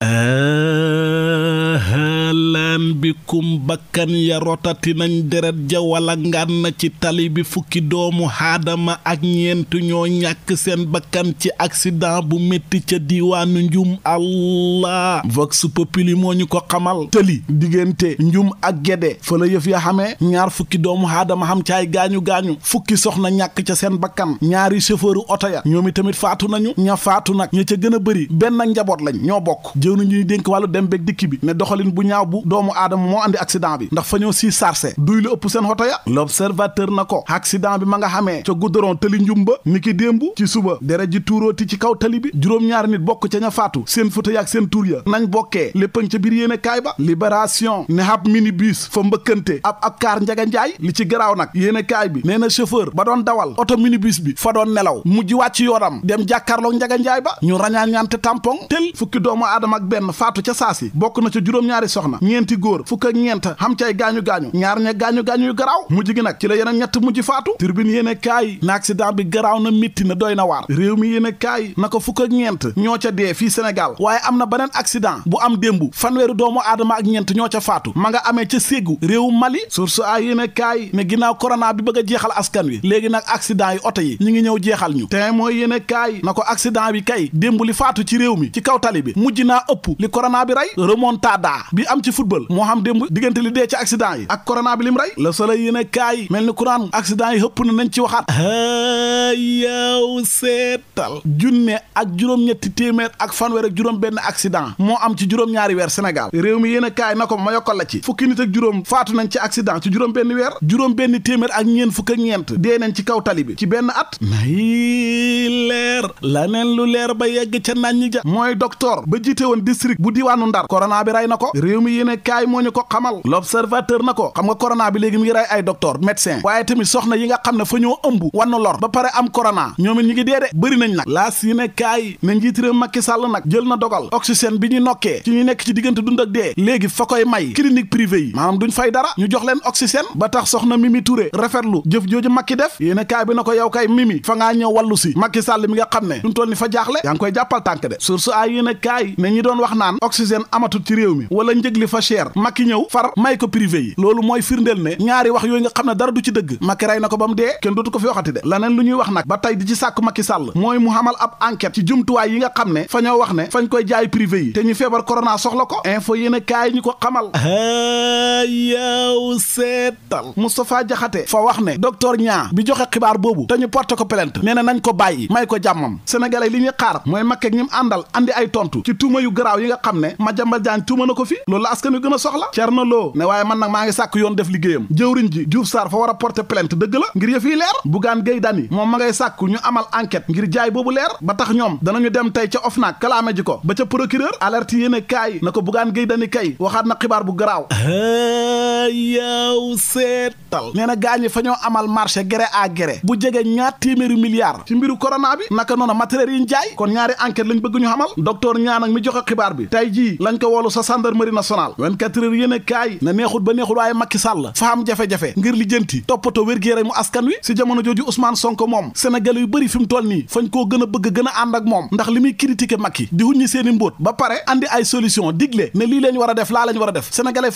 Uh, asalaamaaleykum bakkan ya rotati nañ deret ja wala ngaan ci tali bi fukki doomu aadama ak ñeent ñoo ñàkk seen bakkan ci accident bu métti ca diiwaanu njum allah vox populi moo ñu ko xamal tëli diggante njum ak gede fa la yëf ya xamee ñaar fukki doomu aadama xam ay gaañu-gaañu fukki soxna ñàkk ca seen bakkan ñaari chauffeuru oto ya ñoom tamit faatu nañu ña faatu nag ña ca gën a bëri benn njaboot lañ ñoo bokk jëw nañu ñuy dénk wàllu dem beeg dikki bi ne doxalin bu ñaaw moo andi accident bi ndax fa ñoo sii sarcé duy lu ëpp seen xoto ya l'observateur na ko accident bi ma nga xamee ca goudron tëli njumba ni ki démbu ci suba deret ji tuuróoti ci kaw tali bi juróom-ñaari nit bokk ca ña faatu seen foto yaak seen tur ya nañ bokkee léppañ ca biir yéene kaay ba libération ne ab minibus fa mbëkkante ab ab kaar njaga njaay li ci garaaw nag yéene kaay bi nee na chauffeur ba doon dawal oto minibus bi fa doon nelaw mujj wàcc yoonam dem jàkkaarloog njaga ba ñu rañaa ñante tampon tel fukki doomu aadama ak benn faatu ca saasi bokk na ca juróom-ñaari soxna ñeenti fukk ak ñeent xam cay gaañu-gaañu ñaar ña gaañu-gaañu yu garaaw mujj gi nag ci la yeneen ñett mujj faatu turbine yéen kaay na accident bi garaaw na mitti na doy na waar réew mi yéen kaay na ko fukk ak ñoo ca dee fii Sénégal waaye am na beneen accident bu am démbu fanweeru doomu aadama ak ñeent ñoo ca faatu ma nga a yéen kaay ne a jeexal wi léegi nag accident yi oto yi ñu ngi ñëw jeexal ñu te mooy yéen kaay na ko accident bi kay démb li faatu ci réew mi ci kaw tali naa ëpp li corona bi rey remontada bi am ci football am démb diggante li dee ci accident yi ak corona bi lim rey le soleil yéen a kaay mel ni kuraan accident yi hëpp na nañ ci waxaat yow seetal junne ak juróom-ñetti téeméer ak fanweer ak juróom benn accident moo am ci juróom-ñaari weer Sénégal réew mi yéen a kaay na ko ma yokkal la ci fukki nit ak juróom faatu nañ ci accident ci juróom benn weer juróom benn téeméer ak ñeen fukk ñeent dee nañ ci kaw tali bi ci benn at nay laneen lu leer ba yegg ca naan ñi ja mooy docteur ba jiite woon district bu diwaanu ndar corona bi rey na ko réew mi yéene kaay moo ñu ko xamal l'observateur na ko xam nga corona bi léegi mi ngi rey ay docteur médecin waaye tamit soxna yi nga xam ne fa ñoo ëmb wannu lor ba pare am corona ñoom it ñi ngi deede bëri nañ nag laas yéene kaay ne njiit réew Macky Sall nag jël na dogal oxygène bi ñu nokkee ci ñu nekk ci diggante dund ak dee léegi fa koy may clinique privée yi maanaam duñ fay dara ñu jox leen oxygène ba tax soxna Mimi Touré rafetlu jëf jooju Macky def yéene kaay bi na ko yow kay Mimi fa ngaa ñëw wàllu si Macky Sall mi nga xam ne amee dumu toll ni fa jaaxle yaa ngi koy jàppal tànk de source ay yéen a kaay ne ñi doon wax naan oxygène amatul ci réew mi wala njëg li fa cher Macky ñëw far may ko privé yi loolu mooy firndeel ne ñaari wax yooyu nga xam ne dara du ci dëgg Macky rey na ko ba mu dee kenn dootu ko fi waxati de laneen lu ñuy wax nag ba tey di ci sàkk Macky sàll mooy mu xamal ab enquête ci jumtuwaay yi nga xam ne fa ñoo wax ne fañ koy jaay privé yi te ñu feebar corona soxla ko info yéen a ñu ko xamal yaw seetal Moustapha Diakhaté fa wax ne docteur ñaa bi joxe xibaar boobu te ñu ko plainte nee na nañ ko bàyyi may ko jàmmam am li ñuy xaar mooy Macky ak ñi àndal andi ay tontu ci tuuma yu garaaw yi nga xam ne ma Madiambal Diagne tuuma na ko fi loolu la askan wi gën a soxla Thierno Lo ne waaye man nag maa ngi sàkk yoon def liggéeyam jëwriñ ji Diouf Sarr fa war a porter dëgg la ngir yëf yi leer Bougane Gueye Dany moom ma ngay sàkk ñu amal enquête ngir jaay boobu leer ba tax ñoom danañu dem tey ca OFNAC kalaame ji ko ba ca procureur alerte yéene kaay na ko Bougane Gueye Dany kay waxaat na xibaar bu garaaw ah. yow seetal nee na gaañ fa ñoo amal marché gré à gré bu jege ñaar téeméeri milliards ci mbiru corona bi naka noonu matériel yi jaay kon ñaari enquête lañ bëgg ñu xamal docteur ñaan ak mi joxe xibaar bi tey jii lañ ko woolu sa gendarmerie nationale 24 heures yéen a kaay na neexut ba neexut waaye Macky Sall fa am jafe-jafe ngir lijjanti toppatoo wér-gu-yaram mu askan wi si jamono jooju Ousmane Sonko moom Sénégal yu bëri fi mu toll nii fañ koo gën a bëgg a ànd ak moom ndax li muy critiquer Macky di huññi seeni mbóot ba pare lii lañ war a def laa lañ war def sénégalais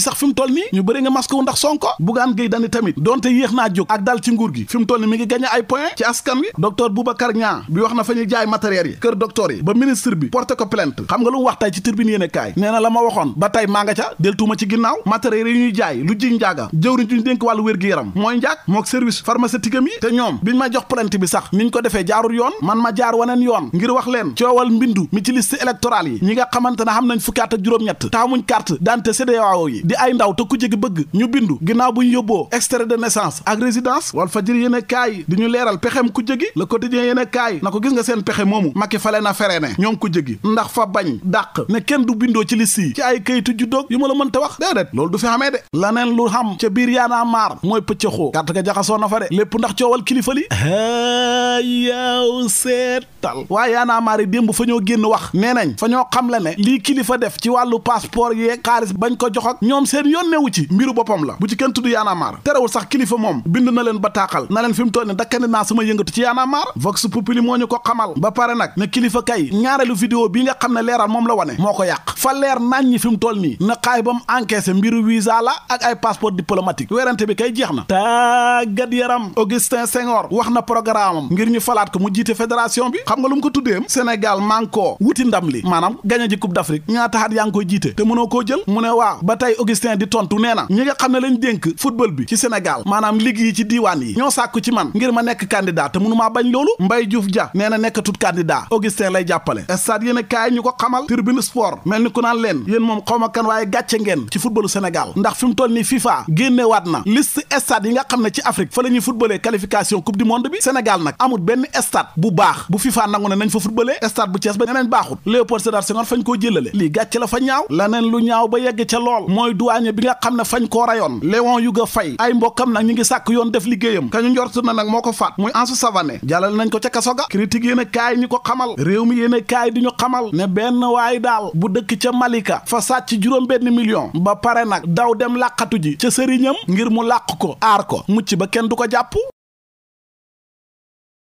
sax fi mu toll nii ñu bëri nga masque wu ndax Sonko Bougane Gueye Dany tamit donte yéex naa jóg ak dal ci nguur gi fi mu toll nii mi ngi gagné ay point ci askan wi docteur Boubacar Niang bi wax na fa ñuy jaay matériel yi kër docteur yi ba ministre bi porté ko plainte xam nga lu mu wax tey ci tribune yéene kaay nee na la ma waxoon ba tey maa nga ca deltuuma ci ginnaaw matériel yi ñuy jaay lu ji njaaga jëwriñ ju ñu dénk wàllu wér-gi-yaram mooy njaag mook service pharmaceutique am yi te ñoom biñ ma jox plainte bi sax niñ ko defee jaarul yoon man ma jaar waneen yoon ngir wax leen coowal mbindu mi ci yi ñi nga xamante ne xam nañ fukkaat ak juróom-ñett taamuñ carte d'identité CEDEAO yi di ay ndaw te ku jegi bëgg ñu bindu ginnaaw bu ñu yóbboo extrait de naissance ak résidence Walf Fadjri yéen e kaay di ñu leeral pexem ku jegi Le Quotidien yéen e kaay na ko gis nga seen pexe moomu Macky fale na fere ne ñoom ku jegi ndax fa bañ dàq ne kenn du bindoo ci liste yi ci ay kayitu juddoog yu ma la mën te wax déedéet loolu du fi xamee de laneen lu xam ca biir yaanaa maar mooy pëccëxoo kàrt ga jaxasoo na fa de lépp ndax coowal kilifa li yaaw seetal waaye yaanaa maar yi démb fa ñoo génn wax nee nañ fa ñoo xam le ne lii kilifa def ci wàllu passeport yeeg xaalis bañ ko jox ak ñoom seen yoon newu ci mbiru boppam la bu ci kenn tudd yaanaamaar terewul sax kilifa moom bind na leen bataaxal na leen fi mu toll ne dakkandi naa sama yëngatu ci yaanaamaar vox populi moo ñu ko xamal ba pare nag ne kilifa kay ñaareelu vidéo bi nga xam ne leeral moom la wane moo ko yàq fa leer naañ ñi fi mu toll nii na xaay ba mu encaissé mbiru visa la ak ay passeport diplomatique werante bi kay jeex na tàggat yaram Augustin Senghor wax na programme am ngir ñu falaat ko mu jiite fédération bi xam nga lu mu ko tuddeem Sénégal man koo wuti ndam li maanaam gañe ji coupe d'Afrique ñaata at yaa ngi Augustin di tontu nee na ñi nga xam ne lañ dénk football bi ci Sénégal maanaam ligue yi ci diiwaan yi ñoo sàkku ci man ngir ma nekk candidat te mënu maa bañ loolu Mbaye Diouf Dia nee na nekkatut candidat Augustin lay jàppale stade yéen a kaay ñu ko xamal tribune sport mel ni ku naan leen yéen moom xaw ma gàcce ngeen ci footballu Sénégal ndax fi mu toll nii FIFA génnewaat na liste stade yi nga xam ne ci Afrique fa la ñuy footballé mooy douanier bi nga xam ne fañ koo rayoon Léon Yuga Faye ay mbokkam nag ñu ngi sàkk yoon def liggéeyam ka ñu na nag moo ko faat muy Ansu Savané jàllal nañ ko ca kaso ga critique yéen a kaay ñi ko xamal réew mi yéen a kaay di ñu xamal ne benn waay daal bu dëkk ca Malika fa sàcc juróom benn million ba pare nag daw dem làqatu ji ca sëriñam ngir mu làq ko aar ko mucc ba kenn du ko jàpp